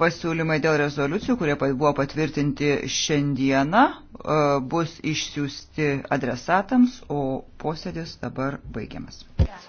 Pasiūlymai dėl rezoliucijų, kurie buvo patvirtinti šiandieną, e, bus išsiųsti adresatams, o posėdis dabar baigiamas. Ja.